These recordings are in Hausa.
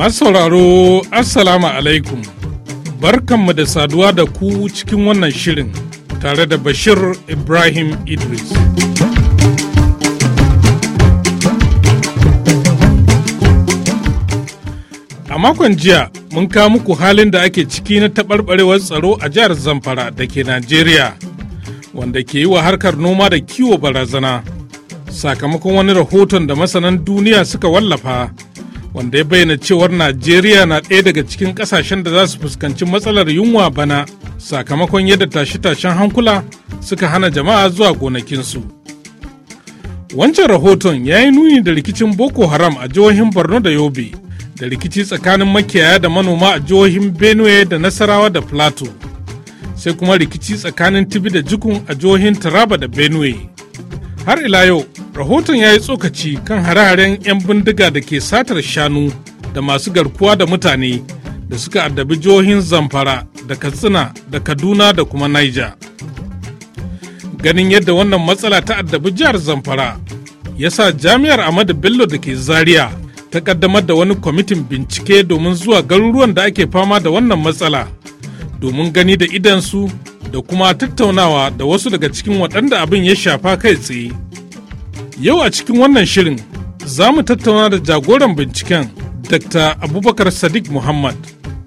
Masu sauraro, Assalamu alaikum. Barkanmu da saduwa da ku cikin wannan shirin tare da Bashir Ibrahim Idris. A makon jiya mun kawo muku halin da ake ciki na taɓarɓarewar tsaro a jihar Zamfara da ke Najeriya, wanda ke yi wa harkar noma da kiwo barazana, sakamakon wani rahoton da masanan duniya suka wallafa. wanda ya bayyana cewar najeriya na ɗaya daga cikin ƙasashen da za su fuskanci matsalar yunwa bana sakamakon yadda tashe-tashen hankula suka hana jama'a zuwa gonakinsu wancan rahoton ya yi nuni da rikicin boko haram a jihohin borno da yobe da rikici tsakanin makiyaya da manoma a jihohin benue da nasarawa da plateau sai kuma rikici tsakanin tibi da jikun a jihohin taraba da benue har ila yau rahoton ya yi tsokaci kan hare-haren 'yan bindiga da ke satar shanu da masu garkuwa da mutane da suka addabi jihohin zamfara da katsina da kaduna da kuma niger ganin yadda wannan matsala ta addabi jihar zamfara ya sa jami'ar ahmadu bello da ke zaria ta kaddamar da wani kwamitin bincike domin zuwa garuruwan da ake fama da wannan matsala domin gani da idansu da kuma tattaunawa da wasu daga cikin waɗanda abin ya shafa kai tsaye Yau a cikin wannan shirin za mu tattauna da jagoran binciken Dr. Abubakar Sadiq Muhammad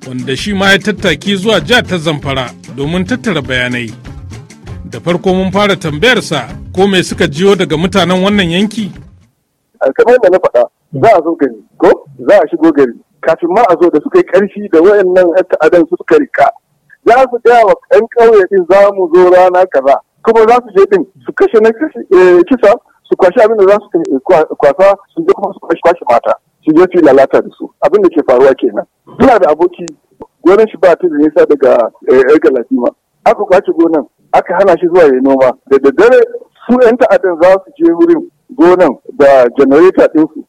wanda shi ma ya tattaki zuwa jihar ta Zamfara domin tattara bayanai. Da farko mun fara tambayarsa ko me suka jiyo daga mutanen wannan yanki? Kamar da na faɗa za a zo gari ko za a shigo gari kafin ma a zo da suka yi ƙarfi da wayannan ta'adan su suka rika za su gaya wa ɗan ƙauye din za mu zo rana kaza kuma za su je din su kashe na eh, kisa su kwashi abin da za su eh, kwasa su je kuma su kwashi mata su je su lalata da su abin da ke faruwa kenan Suna da aboki gonar shi ba ta da nisa daga eh, yar galadima aka kwace gonan aka hana shi zuwa ya noma da daddare su yan ta'addan za su je wurin gonan da janareta ɗinsu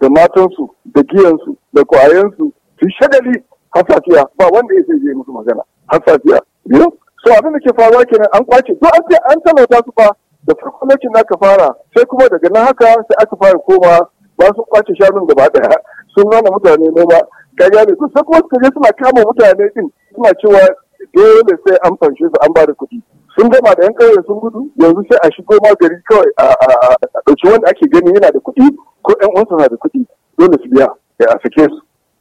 da matansu da giyansu da kwayansu su shagali hasafiya ba wanda ya je musu magana hasafiya so abin da ke faruwa kenan an kwace to an sai an talauta su ba da farko lokacin da aka fara sai kuma daga nan haka sai aka fara koma ba su kwace shanun gaba daya sun nuna mutane noma ka ne, to sai kuma suka je suna kama mutane din suna cewa dole sai an fanshe su an ba kuɗi sun gama da yan ƙauye sun gudu yanzu sai a shigo ma gari kawai a ɗauki wanda ake gani yana da kuɗi ko ƴan uwansa na da kuɗi dole su biya a sake su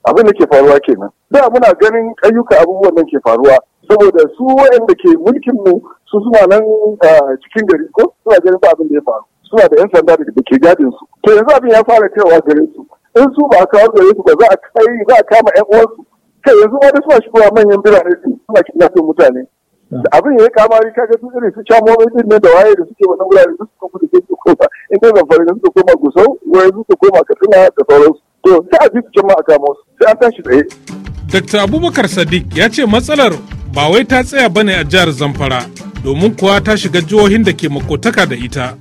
abin da ke faruwa kenan da muna ganin ayyuka abubuwan nan ke faruwa saboda su waɗanda ke mulkin mu su suna nan eh, cikin gari ko suna ganin abin da ya faru suna da yan sanda da ke gadin su to yanzu abin ya fara kaiwa gare su in su ba a kawo gare su ba za a kai za a kama yan uwansu kai yanzu ma da suna shigowa manyan birane su suna kidnapping mutane da abin ya kama ni kaga su irin su mai din da waye da suke wannan wurare su suka gudu ke su koma in dai zamfara da suka koma gusau wai su suka koma katsina da sauransu to sai a ji su jama'a kama su sai an tashi tsaye Dr. Abubakar Sadiq ya ce matsalar ba wai ta tsaya bane a jihar Zamfara domin kuwa ta shiga jihohin da ke makotaka da ita.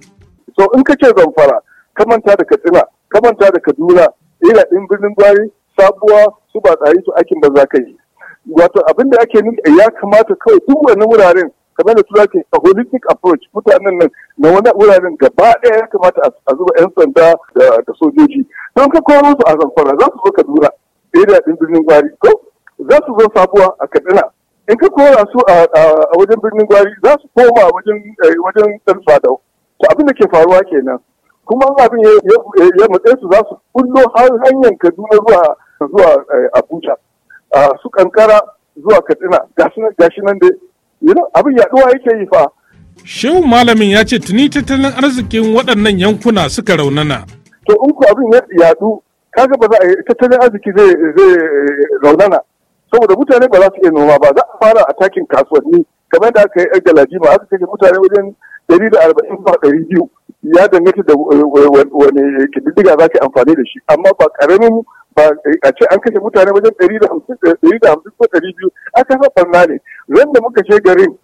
So in ka ce zamfara, ka manta da Katsina, ka manta da Kaduna, ila ɗin birnin gwari, sabuwa su ba tsari su aikin da za ka yi. Wato abin da ake nufi ya kamata kawai duk wani wuraren kamar da tura ke a holistic approach mutanen nan na wani wuraren gaba ɗaya ya kamata a zuba 'yan sanda da sojoji. Don ka koro su a zamfara za su zo Kaduna, ila ɗin birnin gwari, ko za su zo sabuwa a kaduna? in ka kora su a wajen birnin gwari za su koma wajen eh, wajen ɗan fadau to abin da ke faruwa kenan kuma abin ya matsayi su za su kullo har hanyar kaduna zuwa zuwa eh, abuja su kankara zuwa katsina gashi nan dai abin yaduwa yake yi fa shehu malamin ya ce tuni tattalin arzikin waɗannan yankuna suka raunana to in ku abin ya yadu kaga ba za a yi tattalin arziki zai eh, raunana saboda mutane ba za su iya noma ba za a fara a takin kasuwanni kamar da aka yi yan galaji ba aka kashe mutane wajen ɗari da arba'in ba ɗari biyu ya danganta da eh, eh, wani kididdiga za ka amfani da shi amma ba ƙaramin ba eh, a ce an kashe mutane wajen ɗari da hamsin ko ɗari biyu a kasa ɓarna ne ran da muka je garin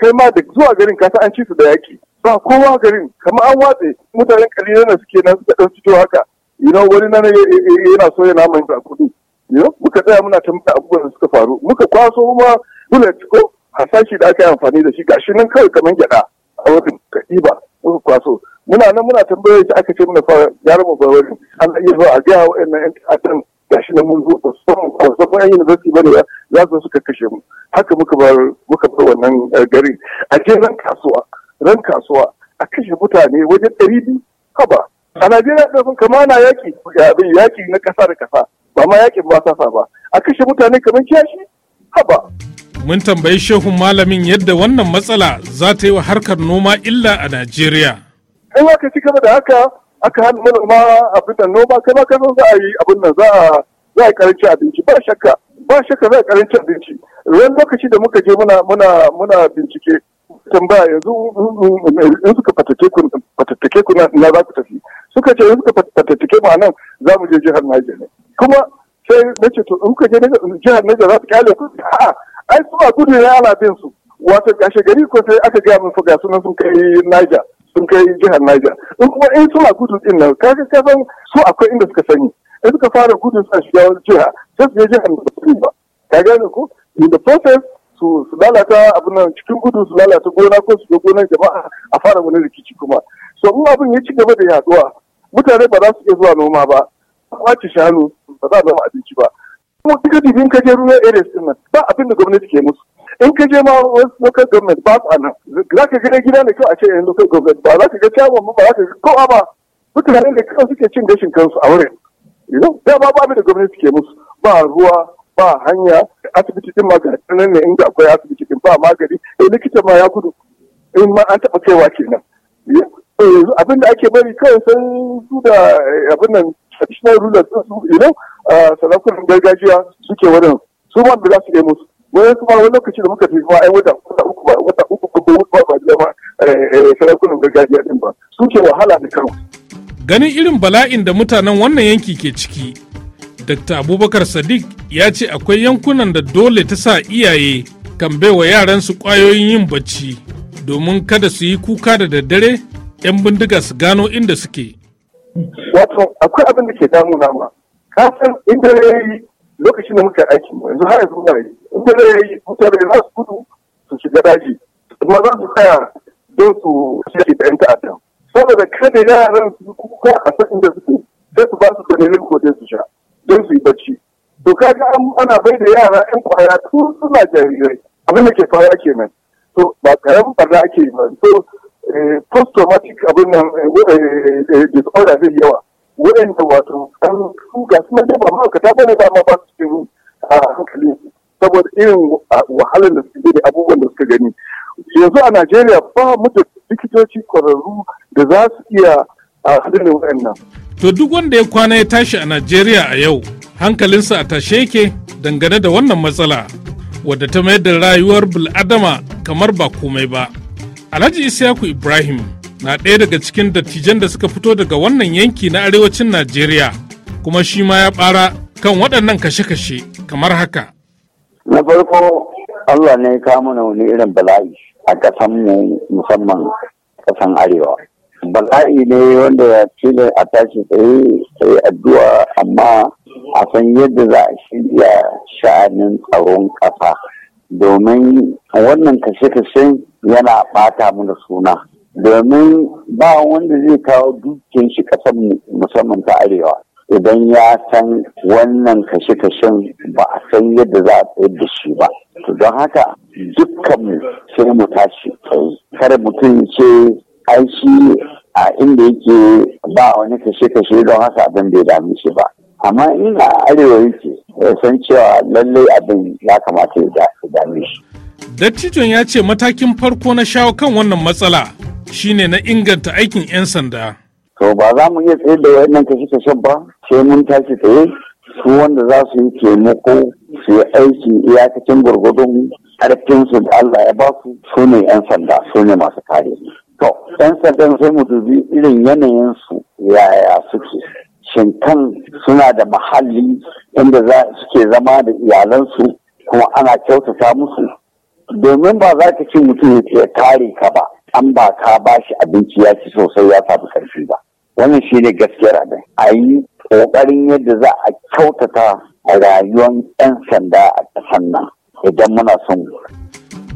kai ma da zuwa garin kasa an ci su da yaƙi ba kowa garin kama an watse mutanen ƙalilan da suke nan suka ɗan fito haka ina wani nan yana so ya naman kudu yau muka tsaya muna tambaya abubuwan da suka faru muka kwaso ma bullet ko hasashi da aka yi amfani da shi gashi nan kawai kamar gyada a wurin kadiba muka kwaso muna nan muna tambaya shi aka ce muna fara gyara mu bawari an iya zuwa a ga wa'annan yan ta'addan gashi nan mun zo ba su ba su ba yin university bane ba za su suka kashe mu haka muka bar muka bar wannan eh, gari a je ran kasuwa ran kasuwa a kashe mutane wajen ɗari biyu haba a najeriya ɗin kama na yaƙi yaƙi na ƙasa da ƙasa ba ma yakin ba sasa ba a kashe mutane kamar kiyashi haba mun tambayi shehun malamin yadda wannan matsala za ta yi wa harkar noma illa a najeriya in aka ci gaba da haka aka hana manoma abin da noma kai ma kasan za a yi abin nan za a za a karanci abinci ba shakka ba shakka za a karanci abinci ruwan lokaci da muka je muna muna muna bincike tambaya yanzu in suka fatattake ku na za ku tafi suka ce in suka fatattake mu a nan za mu je jihar Niger ne kuma sai na ce to in kuka je jihar Niger za su kyale ku a'a ai su ba gudu ne ala bin su wato gashi gari ko sai aka gaya min ga sunan sun kai Niger sun kai jihar Niger in kuma in eh, suna gudu din nan ka ka san su akwai inda suka sani in suka fara gudu suna shiga wani jiha sai su je jihar da ba ka gane ko in the process su su lalata abin nan cikin gudu su lalata gona ko su gonar jama'a a fara wani rikici kuma so in abin ya ci gaba da yaduwa mutane ba za su iya zuwa noma ba kwace shanu ba za a zama abinci ba kuma da in ka je rural areas din nan ba abin da gwamnati ke musu in ka je ma wasu local government ba su anan za ka gina gida ne kawai a ce yan local government ba za ka ga chairman ba za ka ga kowa ba mutanen da kawai suke cin gashin kansu a wurin da ba abin da gwamnati ke musu ba ruwa ba hanya asibiti din ma ga nan ne inda akwai asibiti din ba magani eh likita ma ya gudu in ma an taɓa kaiwa kenan eh, abin da ake bari kawai sai su da eh, abin nan traditional rulers su you know sarakunan gargajiya suke wurin su ma da za su nemo su wani kuma wani lokaci da muka tafi ma ai wata uku ba wata uku ko ko ba ba da ma eh, eh, sarakunan gargajiya din ba suke wahala da kansu ganin irin bala'in da mutanen wannan yanki ke ciki Dr. Abubakar Sadiq ya ce akwai yankunan da dole ta sa iyaye kan baiwa yaransu kwayoyin yin bacci domin kada su yi kuka da daddare 'yan bindiga su gano inda suke. Wato akwai abin da ke damu nama. kasan inda ya yi lokacin da muka aikin mu yanzu har yanzu muna yi inda ya yi mutane za su gudu su shiga daji amma za su tsaya don su shirya da 'yan ta'adda saboda kada yaran su kuka a san inda suke sai su ba su dalilin ko su sha don su yi bacci to kaga ana bai da yara 'yan kwaya tun suna jarirai abin da ke faruwa kenan to ba karamin barna ake yi ba so eh, post traumatic abin nan eh, eh, disorder zai yawa waɗanda wato kan su ga su na ba ma'aikata ta ne ba ma ba su cikin hankali saboda irin wahalar da suke abubuwan da suka gani yanzu a najeriya ba mu da likitoci kwararru da za su iya hadarin waɗannan. to duk wanda ya kwana ya tashi a najeriya a yau hankalinsa a tashe yake dangane da wannan matsala wadda ta mayar da rayuwar bil'adama kamar ba komai ba alhaji isyaku ibrahim na ɗaya daga cikin dattijan da suka fito daga wannan yanki na arewacin najeriya kuma shi ma ya ɓara kan waɗannan kashe-kashe kamar haka na farko allah ne ka mana wani irin bala'i a mu musamman ƙasan arewa bala'i ne wanda ya cire a tashi tsaye tsaye addu'a amma a san yadda za a shirya sha'anin tsaron ƙasa domin wannan kashe-kashen yana ɓata mana suna domin ba wanda zai kawo dukiyar shi kasar musamman ta arewa idan ya san wannan kashe-kashen ba a san yadda za a tsayar da shi ba to don haka dukkanmu sai mu tashi kar mutum ce ai shi a inda yake ba wani kashe-kashe don haka abin bai dami shi ba amma ina arewa yake san cewa lallai abin ya kamata ya dami shi dattijon ya ce matakin farko na shawo kan wannan matsala shine na inganta aikin 'yan sanda. To ba za mu iya tsaye da wannan kashe-kashen ba sai mun tashi tsaye su wanda za su yi taimako su yi aiki iyakacin gwargwadon ƙarfinsu da Allah ya ba su su ne 'yan sanda su ne masu kare. To 'yan sandan sai mu dubi irin yanayin yanayinsu yaya suke. Shin kan suna da mahalli inda suke zama da iyalansu kuma ana kyautata musu domin ba za ka ce mutum ya kare ka ba an ba ka ba shi abinci ya ci sosai ya samu karfi ba wannan shi ne gaskiyar abin a yi ƙoƙarin yadda za a kyautata a rayuwar 'yan sanda a ƙasar nan idan muna son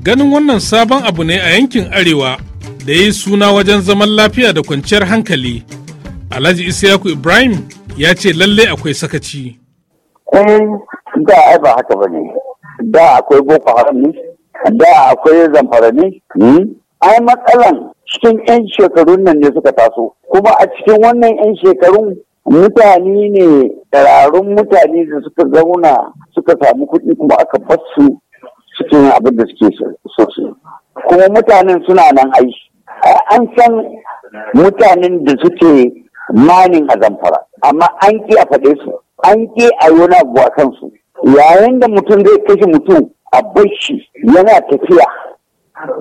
ganin wannan sabon abu ne a yankin arewa da ya yi suna wajen zaman lafiya da kwanciyar hankali alhaji isyaku ibrahim ya ce lalle akwai sakaci eh da ai ba haka ba ne da akwai boko haram ne da akwai zamfara ne hmm? ai matsalan cikin 'yan shekarun nan ne suka taso kuma a cikin wannan 'yan shekarun mutane ne ƙararrun mutane da suka zauna suka samu kuɗi kuma aka basu cikin abin da suke so kuma mutanen suna nan ai an san mutanen da suke manin a zamfara amma an ke a faɗe su an ke a yi wani abu a kansu yayin da mutum zai kashe mutum a bashi yana tafiya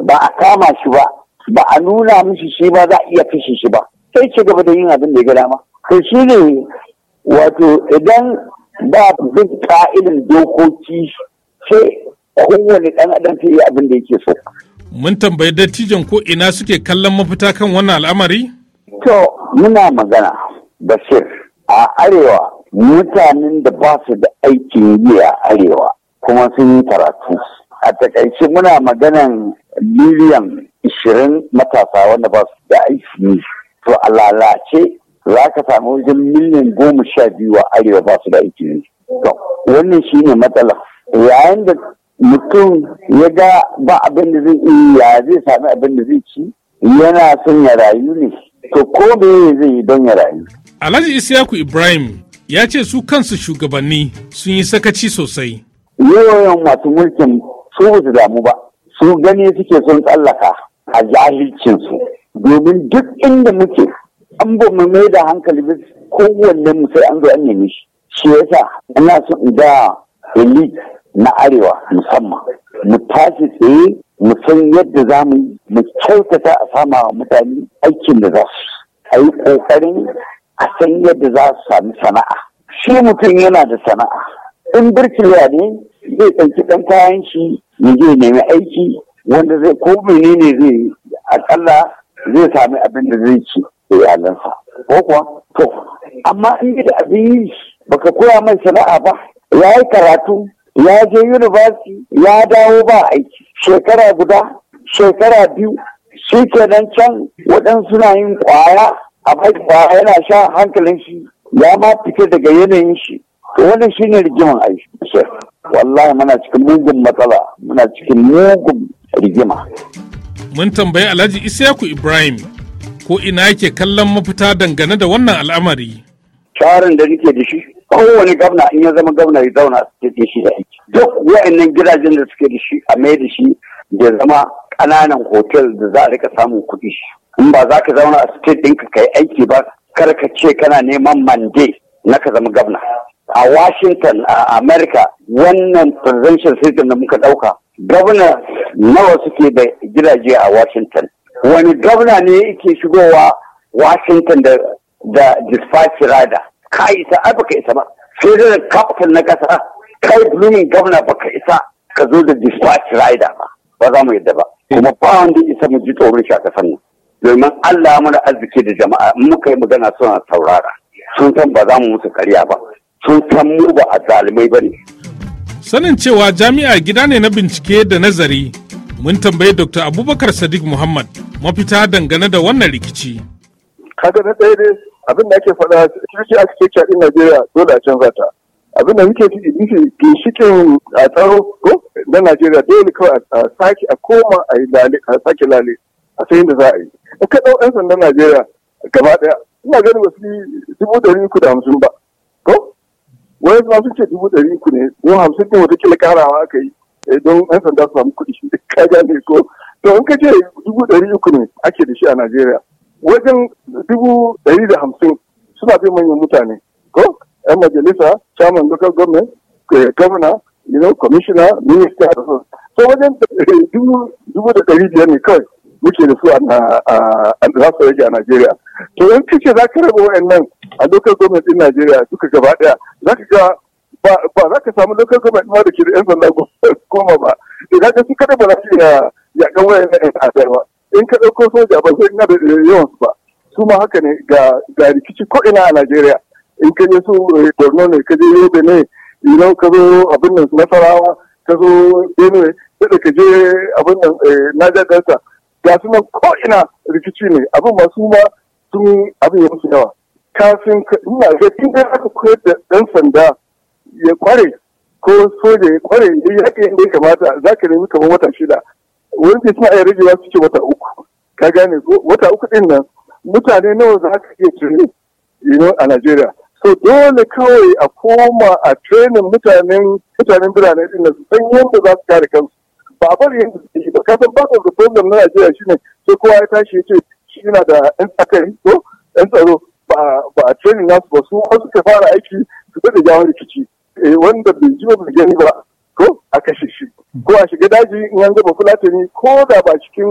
ba a kama shi ba ba a nuna mishi shi ba za a iya kashe shi ba sai ci gaba da yin abin da ya ga dama to shi ne wato idan ba bin ka'idin dokoki sai kowane ɗan adam sai abin da yake so mun tambayi dattijan ko ina suke kallon mafita kan wannan al'amari to muna magana da bashir a arewa mutanen da ba su da aikin yi a arewa kuma sun yi karatu a takaice muna maganan miliyan ishirin matasa wanda ba su da aiki ne to a lalace za ka samu wajen miliyan goma sha biyu a arewa ba su da aiki ne to wannan shi ne matsala yayin da mutum ya ga ba abin da zai iya ya zai sami abin da zai ci yana son ya rayu ne to ko me zai yi don ya rayu alhaji isyaku ibrahim ya ce su kansu shugabanni sun yi sakaci sosai yawan masu mulkin su ba su damu ba su gani suke sun tsallaka a jahilcinsu domin duk inda muke an ba mu mai da hankali bis kowanne mu sai an zo an nemi shi shi yasa ina so in da elite na arewa musamman mu tashi tsaye mu san yadda za mu mu kyautata a sama wa mutane aikin da za su a yi ƙoƙarin a san yadda za su sami sana'a shi mutum yana da sana'a in birkila ne zai ɗauki ɗan kayan shi ya je nemi aiki wanda zai ko menene zai akalla zai sami abin da zai ci da iyalansa ko kuwa to amma in da abin yi baka koya mai sana'a ba ya yi karatu ya je university ya dawo ba aiki shekara guda shekara biyu shi kenan can waɗansu na yin kwaya a bai kwaya yana sha hankalin shi ya ma fita daga yanayin shi to wannan shine rigiman aiki wallahi muna cikin mugun matsala muna cikin mugun rigima mun tambayi alhaji Isaku ibrahim ko ina yake kallon mafita dangane da wannan al'amari tsarin da nake da shi kowane gabna in ya zama gabna ya zauna da shi da aiki duk wa'annan gidajen da suke da shi a mai da shi da zama ƙananan hotel da za a rika samun kuɗi in ba za ka zauna a state ɗinka ka yi aiki ba kar ka ce kana neman mande na ka zama gabna. a Washington a America wannan presidential system da muka ɗauka. Gwamna nawa suke da gidaje a Washington. Wani gwamna ne yake shigowa Washington da da dispatch rider. Ka isa ai baka isa ba. Sai da captain na kasa kai blooming gwamna baka isa ka zo da dispatch rider ba. Ba za mu yadda ba. Kuma ba wanda isa mu ji tsoron shi a kasan nan. Domin Allah mana arziki da jama'a muka yi magana suna saurara. Sun san ba za mu musu karya ba. sun san mu ba a zalimai ba ne. Sanin cewa jami'a gida ne na bincike da nazari mun tambayi Dr. Abubakar Sadiq Muhammad mafita dangane da wannan rikici. Kaga na ɗaya ne abin da ake faɗa kirki ce ɗin Najeriya dole a canza ta. Abin da muke nufi ginshikin a tsaro ko na Najeriya dole kawai a koma a yi lale a sake lale a sai da za a yi. ka 'yan sandan Najeriya gaba ɗaya ina ganin ba yi dubu ɗari ku da hamsin ba. wai ma ce dubu ɗari uku ne don hamsin ɗin karawa aka yi eh, don yan sanda su samu kuɗi ka gane ko to in ka ce dubu ɗari uku ne ake da shi a najeriya wajen dubu ɗari da hamsin suna bin manyan mutane ko yan majalisa chairman local government eh, governor you know commissioner minister so wajen eh, dubu da ɗari biyar ne kawai muke da su a za su rage a Najeriya. To in kace za ka raba nan a lokal government din Najeriya duka gaba daya za ka ga ba za ka samu lokal government ma da ke da 'yan sanda goma ba. Idan ka su kada ba za su iya yakan na 'yan asar ba. In ka ɗauko soja ba sai ina da yawan su ba. Su ma haka ne ga rikici ko ina a Najeriya. In ka je su eh, Borno ne, ka je Yobe ne, idan ka zo abin nan Nasarawa, ka zo Benue, sai da ka je abin nan eh, Niger Delta. ga su nan ko ina rikici ne abin ba su ma sun abin ya musu yawa kafin ina ga in dai aka koyar da dan sanda ya kware ko soja ya kware ya yi haƙe inda ya kamata za ka nemi kamar wata shida wani ke suna iya ragewa su ce wata uku ka gane wata uku din nan mutane nawa za ka iya cire you a Najeriya so dole kawai a koma a trenin mutanen mutanen birane din nan su san yadda za su kare kansu ba a bari yadda suke shi ba kasan part of problem na Najeriya ne sai kowa ya tashi ya ce shi yana da yan tsakari ko yan tsaro ba a training nasu ba su wasu ka fara aiki su da jawon rikici eh, wanda bai ji ba bai gani ba ko a kashe shi ko a shiga daji in an gaba fulatani ko da ba cikin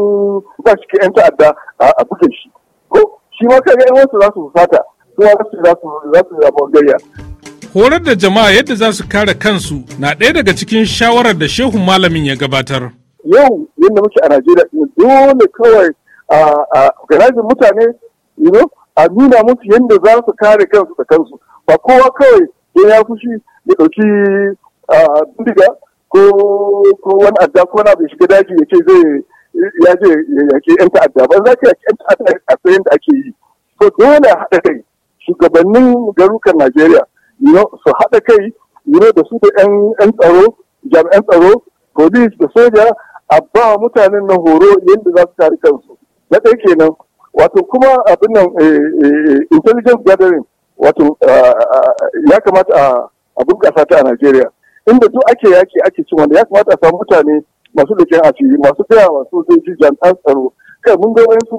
ba cikin yan ta'adda a buge shi ko shi ma kaga yan wasu za su fata su wasu za su za su za su horar da jama'a yadda za su kare kansu na ɗaya daga cikin shawarar da shehu malamin ya gabatar. Yau yadda muke a Najeriya dole kawai a organizing mutane a nuna musu yadda za su kare kansu da kansu ba kowa kawai ya ya fushi ya ɗauki bindiga ko wani adda ko na bai shiga daji ya ce zai ya je yake yan ta'adda ba za ka yi ta'adda a tsayin da ake yi to dole haɗa kai shugabannin garukan Najeriya su haɗa kai yiro da su da 'yan tsaro jami'an tsaro polis da soja a ba mutanen nan horo yadda za su tari kansu na ɗaya kenan wato kuma abin nan eh, eh, eh, intelligence gathering wato ya kamata a bunƙasa ta a Najeriya inda duk ake yaki ake cin wanda ya kamata a samu mutane masu da asiri masu gaya wa sojoji jami'an tsaro kai mun ga wayansu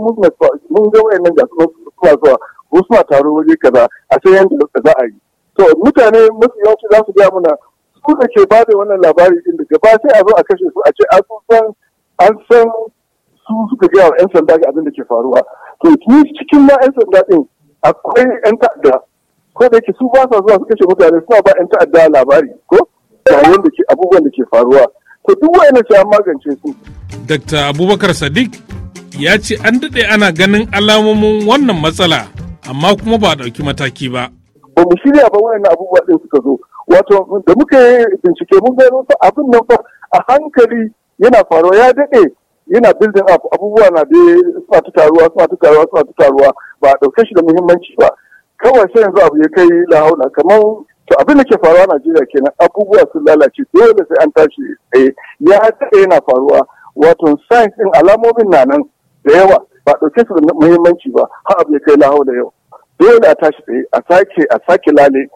mun ga wayannan ga suna zuwa ko suna taro waje kaza a sai yanda za a yi to mutane mafi yawanci za su gaya mana su da ke ba da wannan labari din da gaba sai a zo a kashe su a ce an san an san su suka gaya wa 'yan sanda ga abin da ke faruwa to cikin ma 'yan sanda din akwai 'yan ta'adda ko da yake su ba sa zuwa su kashe mutane suna ba 'yan ta'adda labari ko da ke abubuwan da ke faruwa to duk wa'annan sai an magance su. Dr. Abubakar Sadiq ya ce an daɗe ana ganin alamomin wannan matsala amma kuma ba a ɗauki mataki ba. ba mu shirya ba wayannan abubuwa ɗin suka zo wato da muka yi bincike mun gano fa abin nan fa a hankali yana faruwa ya daɗe yana building up abubuwa na da suna ta taruwa suna ta taruwa suna ta taruwa ba a ɗauke shi da muhimmanci ba kawai sai yanzu abu ya kai lahauna kamar to abin da ke faruwa a Najeriya kenan abubuwa sun lalace dole sai an tashi tsaye ya daɗe yana faruwa wato science alamomin na nan da yawa ba ɗauke su da muhimmanci ba har abu ya kai lahauna yau dole a tashi tsaye a sake a sake lale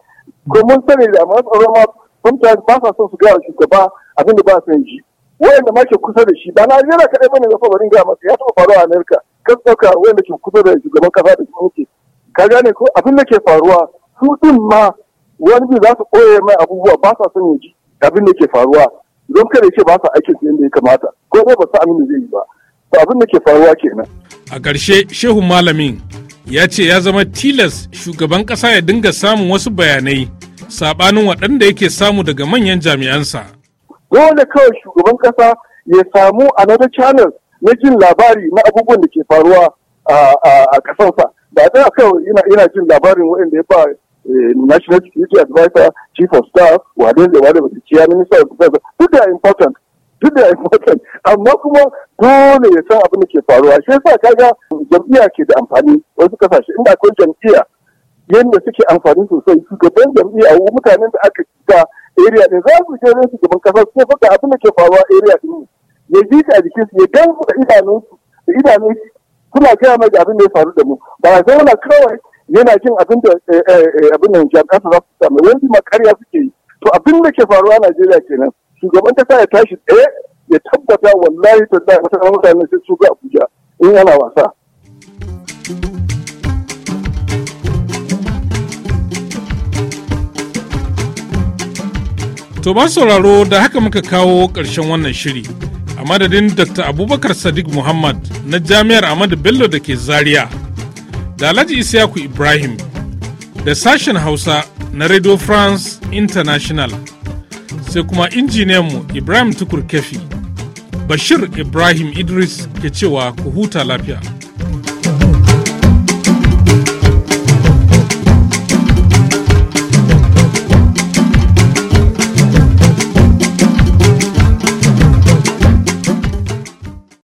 ko mun sani da amma tsaro ma sometimes ba sa son su gaya shugaba abin da ba sa ji wayan ma ke kusa da shi ba na jira kadai bane ga fabarin ga masa ya taba faruwa a America kan dauka da ke kusa da shugaban kasa da shi ne ka gane ko abin da ke faruwa su din ma wani bi za su koye mai abubuwa ba sa son ya abin da ke faruwa don kada ya ce ba sa aikin su yadda ya kamata ko ba sa Aminu zai yi ba abin da ke faruwa kenan a ƙarshe shehu malamin ya ce ya zama tilas shugaban ƙasa ya dinga samun wasu bayanai saɓanin waɗanda yake samu daga manyan jami'ansa. Dole kawai shugaban ƙasa ya samu another channel na jin labari na abubuwan da ke faruwa a ƙasarsa. Ba a kawai yana jin labarin waɗanda ya ba eh, National Security Advisor, Chief of Staff, wadanda wadanda Chair Minister of Defense, duk da important. duk da important amma kuma dole ya san abin da ke faruwa shi yasa kaga jam'iyya ke da amfani wasu kasashe inda akwai jam'iyya yadda suke amfani sosai shugaban jam'iyya wa mutanen da aka kika area din za su je gaban kasa su faɗa abin da ke faruwa area din ya ji a jikin su ya gan da idanun su da idanun su suna gaya mai abin da ya faru da mu ba sai wani kawai yana jin abin da eh, eh, eh, abin da jam'iyya za su samu wani ma karya suke yi to abin da ke faruwa a Najeriya kenan shugaban kasa ya tashi tsaye ya tabbata wallahi ta da wata mutane sai su ga Abuja in yana wasa To ba sauraro da haka muka kawo ƙarshen wannan shiri a madadin Dr. Abubakar Sadiq Muhammad na Jami'ar Ahmadu Bello da ke Zaria da Alhaji Isiyaku Ibrahim da sashen Hausa na Radio France International sai kuma injiniyan mu Ibrahim Tukur Kefi. Bashir Ibrahim Idris ke cewa ku huta lafiya.